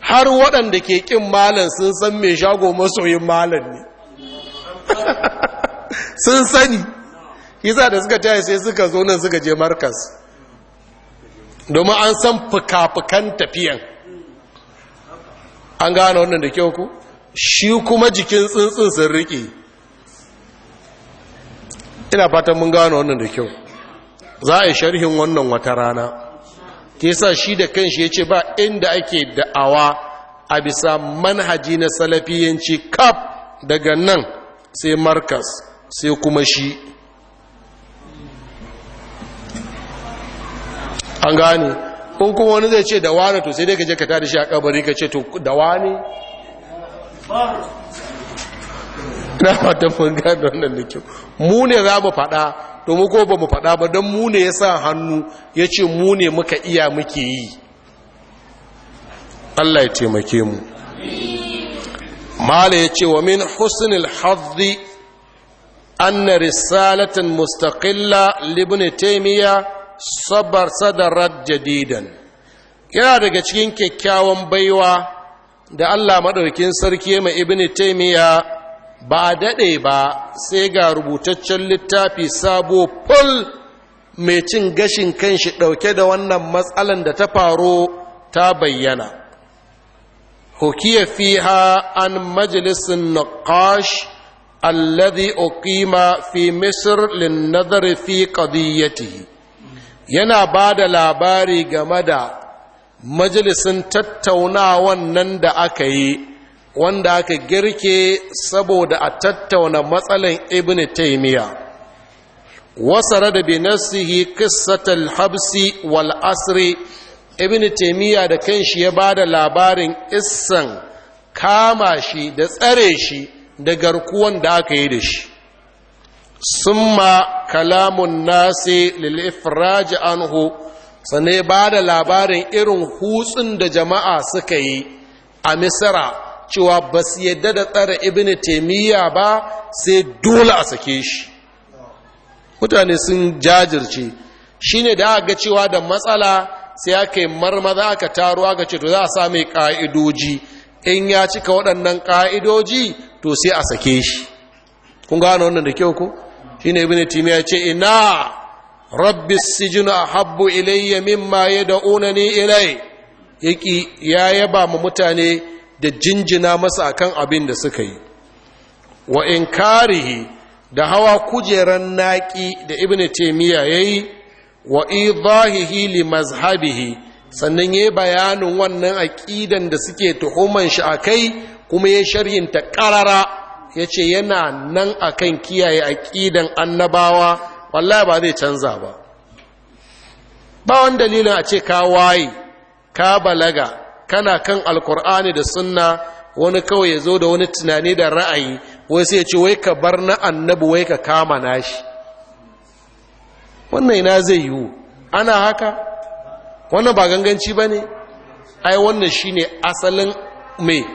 har waɗanda ke ƙin malan sun san mai shago masoyin malan ne sun sani yasa da suka taya sai suka zo nan suka je markas domin an san fuka-fukan tafiyan an gane wannan da kyau ku shi kuma jikin tsuntsun sun riƙe ina fatan mun gane wannan da kyau za a yi sharhin wannan wata rana Ke sa shi da kanshi ya ce ba inda ake da'awa a bisa manhaji na salafiyanci kaf daga nan sai markas sai kuma shi an gane in kuma wani zai ce da wane to sai dai ka je ka tada shi a kabari ka ce to da wane na fata mun gane wannan da kyau mu ne za mu faɗa domin ko ba mu faɗa ba don mu ne ya sa hannu ya ce mu ne muka iya muke yi Allah ya taimake mu mala ya ce wa min husnul haddi anna risalatan mustaqilla libni taymiya sabar sadarar jadidan yana daga cikin kyakkyawan baiwa da Allah maɗaukin sarki ma ibn taimiyya ba daɗe ba sai ga rubutaccen littafi sabo ful mai cin gashin kanshi ɗauke da wannan matsalan da ta faro ta bayyana hukiya fiha an majalisun naqash alladhi uqima fi misr lin nadari fi qadiyatihi yana ba da labari game da majalisun tattaunawan nan da aka yi wanda aka girke saboda a tattauna matsalin ibn taimiya wasara da binasihi kissatal habsi wal asri ibn taimiya da kanshi ya ba da labarin issan kama shi da tsare shi da garkuwan da aka yi da shi summa kalamun nasi lil'ifraji anhu sane ba da labarin irin hutsun da jama'a suka yi a misira cewa ba su yadda da tsara ibn taimiyya ba sai dole a sake shi mutane sun jajirce shine da aka ga cewa da matsala sai aka yi marmaza aka taro aka ce to za a sa mai ka'idoji in ya cika waɗannan ka'idoji to sai a sake shi kun gano wannan da kyau ko shine ibn ya ce ina rabbi sijinu ahabbu ilayya mimma yad'unani ilai yaki ya yaba ma mutane da jinjina masa kan abin da suka yi wa inkarihi da hawa kujeran naƙi da ibn ya yayi wa idahihi li mazhabihi sannan yayi bayanin wannan aqidan da suke tuhuman shi a kai kuma ya sharhinta ƙarara. ya ce yana nan akan kiyaye aƙidan annabawa wallahi ba zai canza ba ba wani dalilin a ce ka waye ka balaga kana kan alkur'ani da sunna wani kawai ya zo da wani tunani da ra'ayi wai sai ya ce wai ka bar na annabu wai ka kama nashi wannan ina zai yiwu ana haka wannan ba ganganci ba ne ai wannan shine asalin mai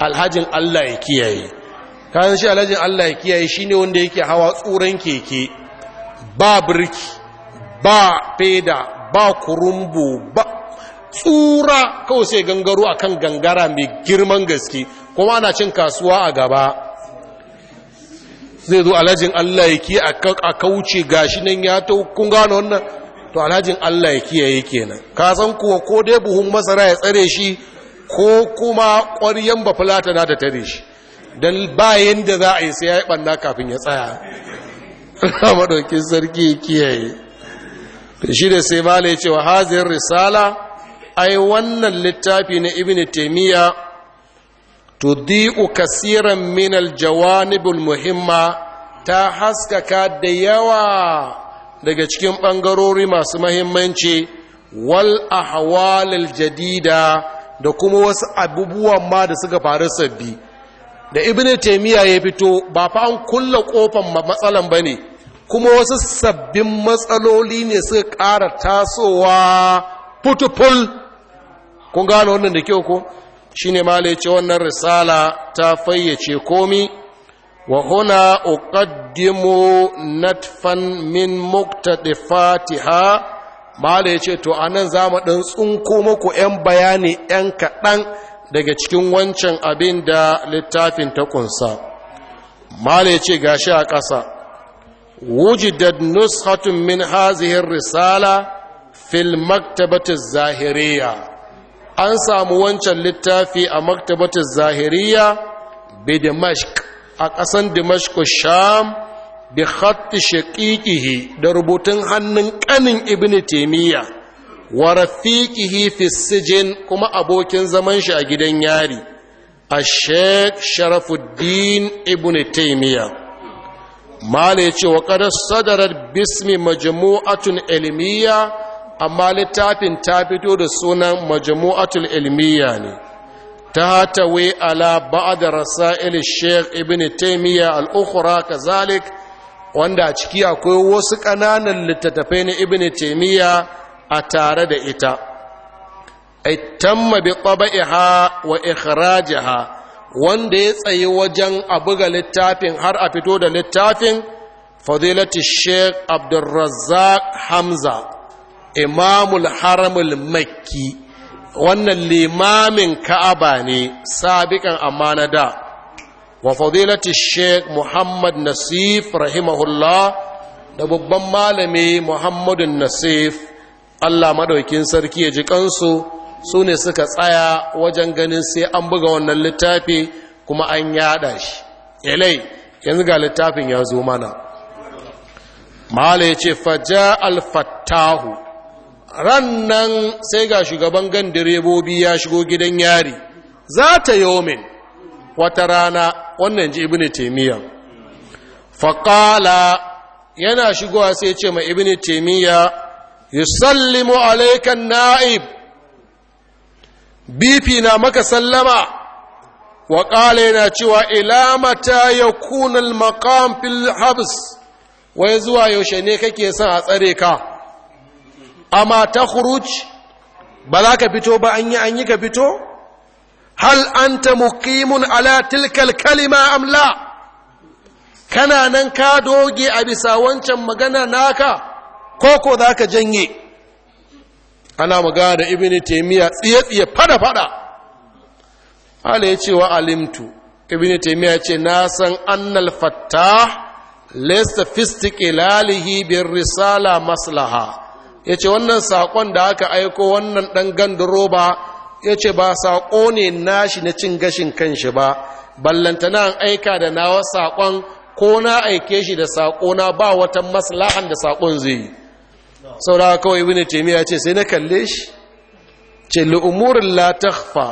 alhajin allah ya kiyaye kayan shi alhajin Allah ya kiyaye shi ne wanda yake hawa tsuran keke ba birki ba feda ba kurumbu ba tsura kawai sai gangaro akan gangara mai girman gaske kuma ana cin kasuwa a gaba zai zo alhajin Allah ya kiyaye a kauce gashi nan ya ta kun gano wannan to alhajin Allah ya kiyaye kenan ka san kuwa ko dai buhun masara ya tsare shi ko kuma ƙwaryan bafulata na ta tare shi don bayan da za a yi sai ya yi ɓanna kafin ya tsaya na maɗaukin sarki kiyaye da shi da sai bala ya ce wa hazin risala ai wannan littafi na ibn taimiyya tuddi'u kasiran Minal jawanibul muhimma ta haskaka da yawa daga cikin ɓangarori masu mahimmanci wal ahwalil jadida da kuma wasu abubuwan ma da suka faru sabbi da ibn taimiyya ya fito ba fa an kulla kofan matsalan ba ne kuma wasu sabbin matsaloli ne suka ƙara tasowa putupul kun gano wannan da kyau ko shi ne ce wannan risala ta fayyace komi wa huna uqaddimu natfan min muqtadifatiha Fatiha'. ya ce to anan nan za mu ɗin tsunko muku 'yan bayani 'yan kaɗan daga cikin wancan abin da littafin ta kunsa mala ya ce gashi a ƙasa wujidat nushatun min hazihin risala fil maktabatar zahiriya an samu wancan littafi a maktabatar zahiriya bi dimashq a ƙasan dimashq sham bi khatti shaƙiƙihi da rubutun hannun ƙanin ibn taimiyya wa rafiqihi fi sijin kuma abokin zaman shi a gidan yari ash-shaykh sharafuddin ibn taymiya mala yace wa qad sadarat bismi majmu'atun ilmiya amma littafin ta fito da sunan majmu'atul ilmiya ne ta hatawe ala ba'd rasail ash-shaykh ibnu taymiya al-ukhra kazalik wanda a ciki akwai wasu ƙananan littattafai na ibnu taymiya a tare da ita ai tamma bi taba'iha wa ikhrajiha wanda ya tsayi wajen a buga littafin har a fito da littafin fadilati sheikh abdulrazzaq hamza imamul haramul makki wannan limamin ka'aba ne sabikan amana da wa fadilati sheikh muhammad nasif rahimahullah da babban malami muhammadun nasif Allah maɗaukin sarki ya ji kansu su ne suka tsaya wajen ganin sai an buga wannan littafi kuma an yada shi ilai yanzu ga littafin ya zo mana mahala ya ce faja alfattahu rannan sai ga shugaban gan direbobi ya shigo gidan yari za ta yomin wata rana wannan ji ibini temiya faƙala yana shigowa sai ce ma ibini temiya yusallimu alaikan na'ib bifi na maka sallama wa ƙala yana cewa ilamata ya kunal makam fil habs wai zuwa yaushe ne kake son a tsare ka amma ta huruj ba ka fito ba an yi an yi ka fito hal anta muqimun ala tilkal kalima amla kana nan ka doge a bisa wancan magana naka koko ko za ka janye ana magana da ibn taimiyya tsiye-tsiye fada-fada ala ya ce wa alimtu ibn taimiyya ce na san annal fatta lesta fistike lalihi bin risala maslaha ya ce wannan saƙon da aka aiko wannan ɗan ba ya ce ba saƙo ne nashi na cin gashin kanshi ba ballantana an aika da nawa saƙon ko na aike shi da saƙona ba wata maslahan da saƙon zai yi saura kawai ibn taymiya ce sai na kalle shi ce lu'umurin latakfa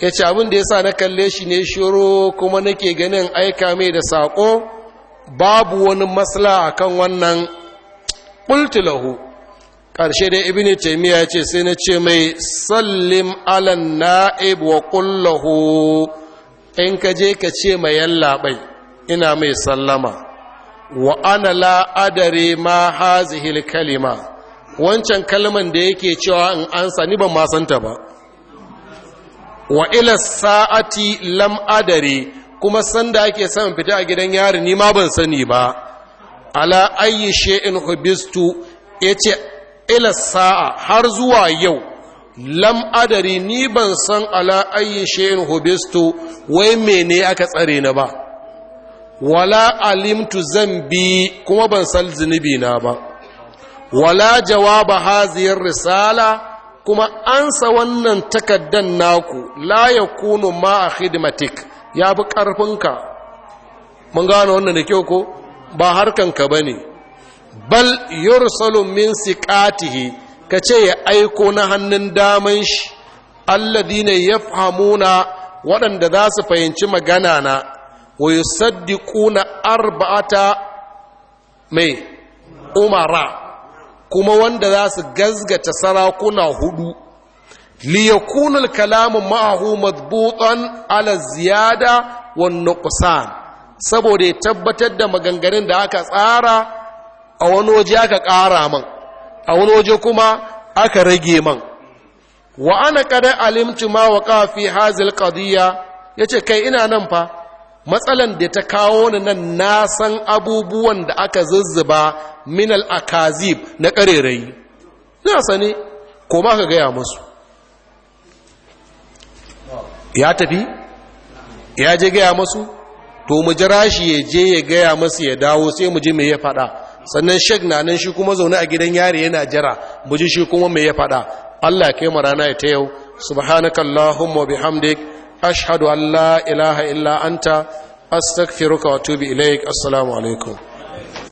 ya ce yace abin da ya sa na kalle shi ne shiro kuma nake ganin aika mai da saƙo, babu wani masla akan wannan ƙultulahu ƙarshe karshe ibi ibn taymiya ce sai na ce mai sallim alan na'ib wa ƙullahu in ka je ka ce mai yallabai ina mai sallama wa ana la adare ma hazihil kalima wancan kalman da yake cewa in ansa ni ban ma santa ba wa ila sa'ati lam adare kuma sanda ake son fita a gidan yari ni ma ban sani ba ala ayyi shay'in hubistu yace ila sa'a har zuwa yau lam adari ni ban san ala ayyi shay'in hubistu wai mene aka tsare na ba wala alimtu zambi kuma ban san zunubi na ba wala jawaba haziyar risala kuma ansa wannan takaddan naku la yakunu ma a khidmatik ya bi ƙarfinka mun gano wannan da kyau ko ba harkanka ba ne bal yursalu min siqatihi ka ce ya aiko na hannun daman shi alladina yafhamuna waɗanda za su fahimci magana na wa kuna arba'ata mai umara kuma wanda za su gazgata sarakuna hudu liyakuna al-kalamu ma'ahu madbutan ala ziyada wan saboda ya tabbatar da maganganun da aka tsara a wani waje aka ƙara man a wani waje kuma aka rage man wa ana kada alimtu ma waqa fi hazil qadiyya yace kai ina nan fa matsalan da ta kawo ni nan na san abubuwan da aka zuzzuba minal akazib na ƙarerayi na sani ko ma ka gaya musu ya tafi ya je gaya musu to mu jira shi ya je ya gaya musu ya dawo sai mu ji me ya faɗa sannan shek na nan shi kuma zaune a gidan yari yana jira mu ji shi kuma me ya faɗa Allah ya kai mu rana ta yau subhanakallahumma bihamdik ashhadu Allah la ilaha illa anta astaghfiruka wa atubu ilaik assalamu alaikum